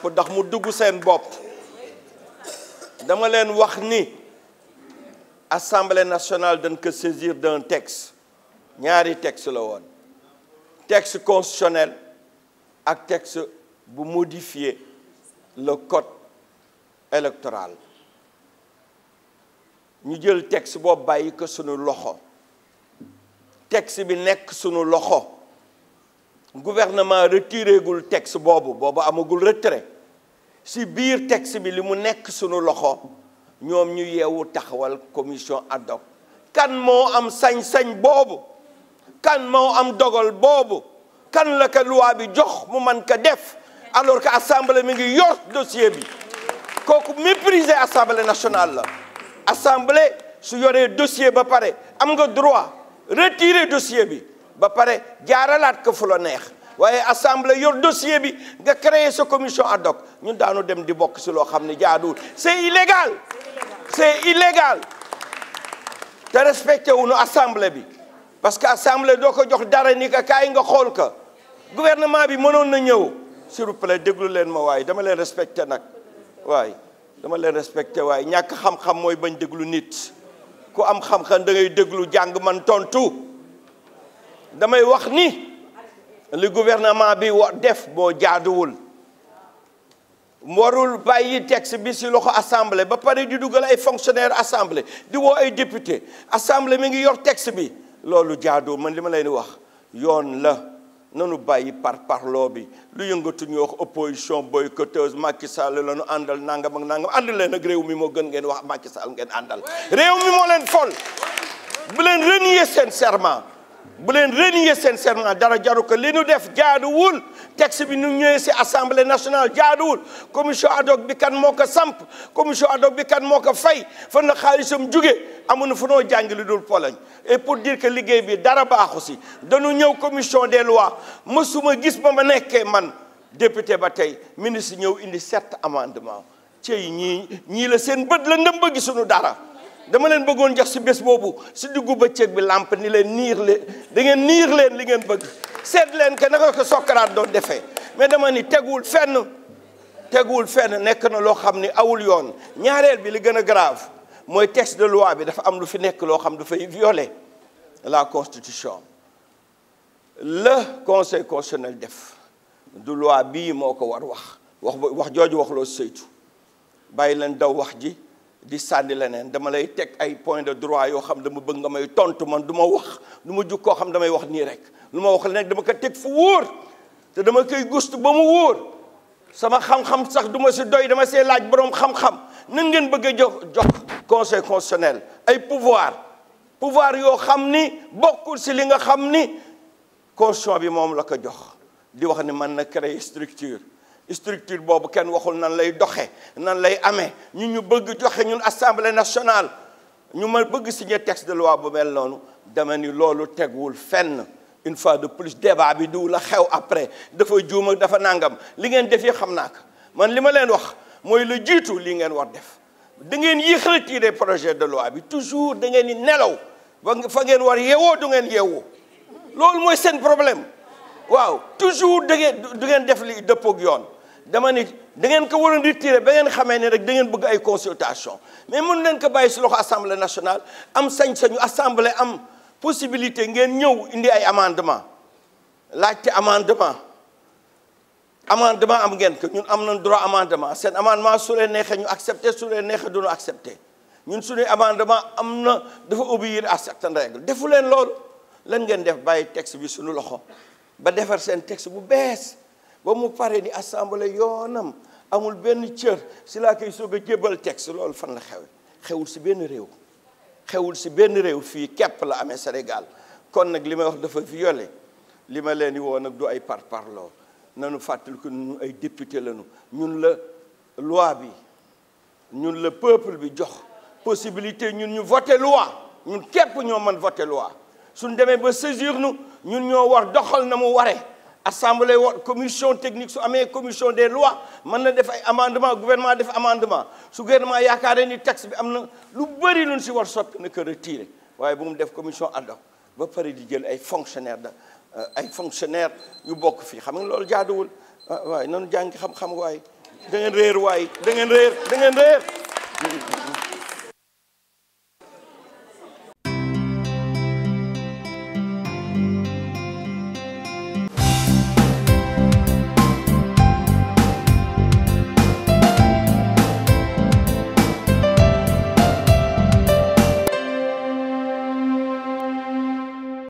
Pour ndax mu dugg seen bopp dama leen wax ni assemblée nationale dañ ko saisir d'un texte ñaari texte la woon texte constitutionnel ak texte bu modifier le code électoral ñu jël texte boobu bàyyi ko suñu loxo texte bi nekk suñu loxo gouvernement retiré gul texte bobu bobu amagul retrait si bir texte bi limu nek nekk sunu loxo ñom ñu yewu taxawal commission ad hoc kan mo am sañ-sañ bobu kan mo am dogal bobu kan la ka loi bi jox mu man ka def alors que assemblée mi ngi yor dossier bi kooku mépriser assemblée nationale la assemblée su yoré dossier ba paré am nga droit retirer dossier bi ba pare jaaralaat ko fu la neex waaye assemblée yor dossier bi nga créer sa commission ad hoc ñun daanu dem di bokk si loo xam ne jaaduwul c'est illégal c'est illégal te respecté wuñu assemblée bi parce que assemblée doo ko jox dara ni ka kaay nga xool ka gouvernement bi mënoon na ñëw s'il vous déglu leen ma waaye dama leen respecté nag waaye dama leen respecté waaye ñàkk xam-xam mooy bañ déglu nit ku am xam-xam da ngay déglu jàng man tontu damay wax ni Le gouvernement bi def bo jaaduwul warul bayyi texte bi ci loxo assemblée ba pare di il ay fonctionnaire assemblée di wo ay député assemblée mi ngi yor texte bi loolu man wax la nanu bayyi par lobby. bi lu yëngatu ñu wax opposition boycotteuse Macky Sall la andal nangam ak nangam andal leen ak réew mi mo gën ngeen wax mi mo fol bu renier sincèrement. bu leen renier seen serment dara jaru ko li nu def jaaduwul texte bi nu ñëwee si assemblée nationale jaaduwul commission ad hoc bi kan moo ko samp commission ad hoc bi kan moo ko fay fan na xaalisam jóge amuñu fu noo jàngi lu dul pologne et pour dire que liggéey bi dara baaxu si dañu ñëw commission des lois mësuma gis ba ma nekkee man député ba tey ministre ñëw indi sept amendement ci ñii ñii la seen bët la ndëm ba gisuñu dara dama leen bëggoon jox si bés boobu si diggu bëccëg bi làmp ni leen niir leen da ngeen niir leen li ngeen bëgg seet leen que naka ko Socrate doon defee mais dama ni teguwul fenn teguwul fenn nekk na loo xam ni awul yoon ñaareel bi li gën a grave mooy texte de loi bi dafa am lu fi nekk loo xam dafay violer la constitution le conseil constitutionnel def du loi bii moo ko war wax wax wax jooju wax loo saytu bàyyi leen daw wax ji di sànni leneen dama lay teg ay point de droit yoo xam dama bëgg nga may tontu man du ma wax du ma jug koo xam damay wax nii rek lu ma wax leneen dama ko teg fu wóor te dama koy gust ba mu wóor sama xam-xam sax du ma si doy dama see laaj borom xam-xam nan ngeen bëgg a jox jox conseil constitutionnel ay pouvoir pouvoir yoo xam ni bokkul si li nga xam ni constitution bi moom la ko jox di wax ni man na créer structure structure boobu kenn waxul nan lay doxe nan lay amee ñu ñu bëgg joxe ñun assemblée nationale ñu ma bëgg si signé texte de loi bu mel noonu dama ni loolu tegwul fenn une fois de plus débat bi diw la xew après dafa juuma dafa nangam li ngeen def yi xam naa ko man li ma leen wax mooy la jiitu lii ngeen war def da ngeen yéex a projet de loi bi toujours da ngeen di nelaw ba fa ngeen war yeewoo du ngeen yeewoo loolu mooy seen problème waaw toujours da ngeen du ngeen def li dëppoog yoon dama ni da ngeen ko waroon retiré ba ngeen xamee ne rek da ngeen bëgg ay consultation mais mën leen ko bàyyi si loxo assemblée nationale am sañ-sañu assemblée am possibilité ngeen ñëw indi ay amendement laajte amendement amendement am ngeen ko ñun am na droit amendement seen amendement su leen neexee ñu accepté su leen neexee duñu accepté ñun su suñuy amendement am na dafa obéir à certaines règles defu leen loolu lan ngeen def bàyyi texte bi suñu loxo ba defar un texte bu bees ba mu pare ni assemblée yoonam amul benn cër si laa koy soog a texte loolu fan la xewe xewul si benn réew xewul si benn réew fii képp la amee Sénégal kon nag li may wax dafa violé li ma leen du ay par parloo nanu fàttali ko ñun ay député lañu ñun la loi bi ñun la peuple bi jox possibilité ñun ñu voter loi ñun képp ñoo mën loi ba saisir ñun ñoo war doxal na mu waré assemblée wa commission technique su amé commission des lois mën na def ay amendement gouvernement def amendement su gouvernement yaakaaré ni texte bi amna lu bëri lu ci war soppi ne ko retiré waye bu mu def commission ad hoc ba pare di jël ay fonctionnaire da euh, ay fonctionnaire yu bokk fi xam nga loolu jaaduwul ah, waye nanu jàngi xam-xam waye da ngeen reer waye da ngeen reer da ngeen reer